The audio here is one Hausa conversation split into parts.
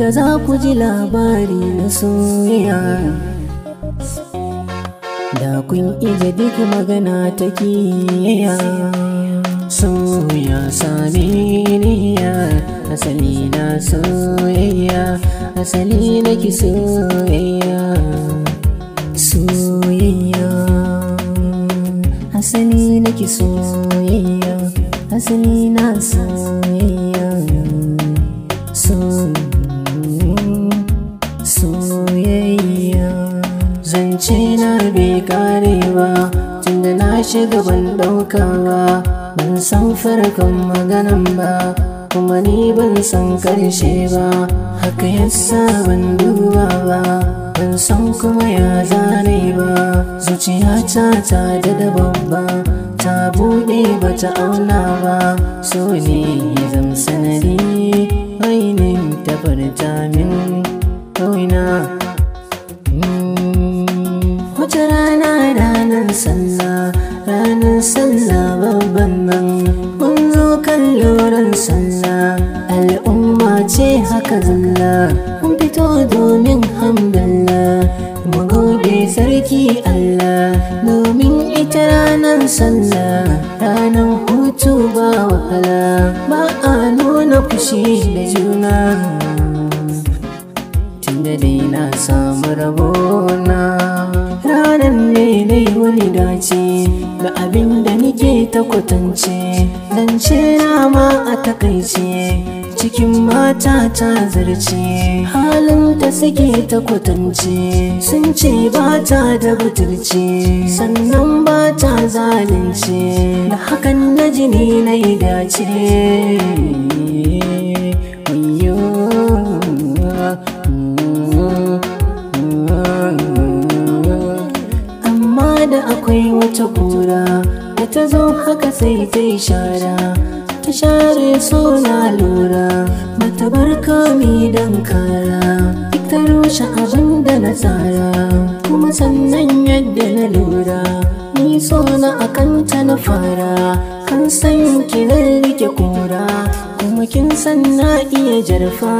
da za ku ji labari na soyayya da kun ije duk magana ta kiyaya soya sami niya asali na soyayya asali na ki soyayya soyayya asali na ki soyayya asali na soyayya soyayya shiga ban ɗauka ban san farkon maganan ba kuma ni ban san ƙarshe ba haka yasa ban duba ba ban san kuma ya zane ba zuciyata ta da daban ba ta bude ba ta auna ba so ne zam sanadi ainin ta tafarta min ko ina sallah ranar sallah babban nan mun zo kalloran sallah al'umma ce haka zalla mun fito domin hamdallah mu gode sarki Allah domin ita ranar sallah ranar hutu ba wahala ba a nuna kushi da juna tunda dai na samu rabona ta kwatance dan ce ma a takaice cikin mata ta zarce halin ta suke ta kwatance sun ce ba ta da butulci sannan ba ta zalunce da hakan na jini na yi dace mm, mm, mm. Amma da akwai wata kura da ta zo haka sai ta yi shara ta share so na lura mata bar kami dan kara ta rushe abin da na tsara kuma sannan yadda na lura ni so na akan ta na fara kan san ki na rike kura kuma kin san na iya jarfa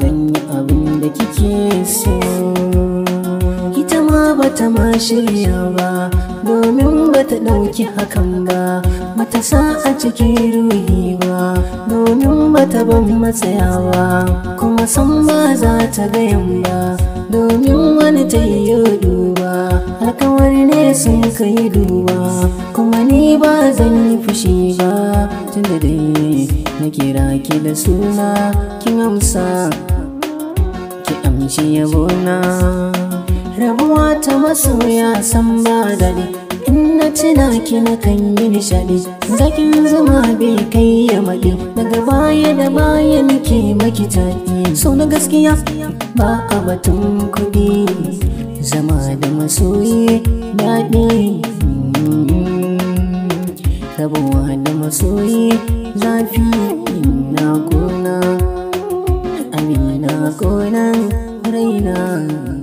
zan yi abin da kike so ita ma bata ma shirya ba domin bata ɗauki hakan ba mata sa a cikin ruhi ba domin ba ban matsayawa kuma san ba za ta gayan ba domin wani ta yi duba alkawar ne sun kai duwa kuma ni ba zan yi fushi ba tun da dai na kira ki da suna kin amsa ki amshi yabona rabuwa ta masoya san ba dare tuna ki na kan yi nishaɗi zakin zama bai kai ya maɗi daga baya da baya nake maki taɗi so na gaskiya ba a batun kuɗi zama da masoyi daɗi rabuwa da masoyi zafi na gona amina gona raina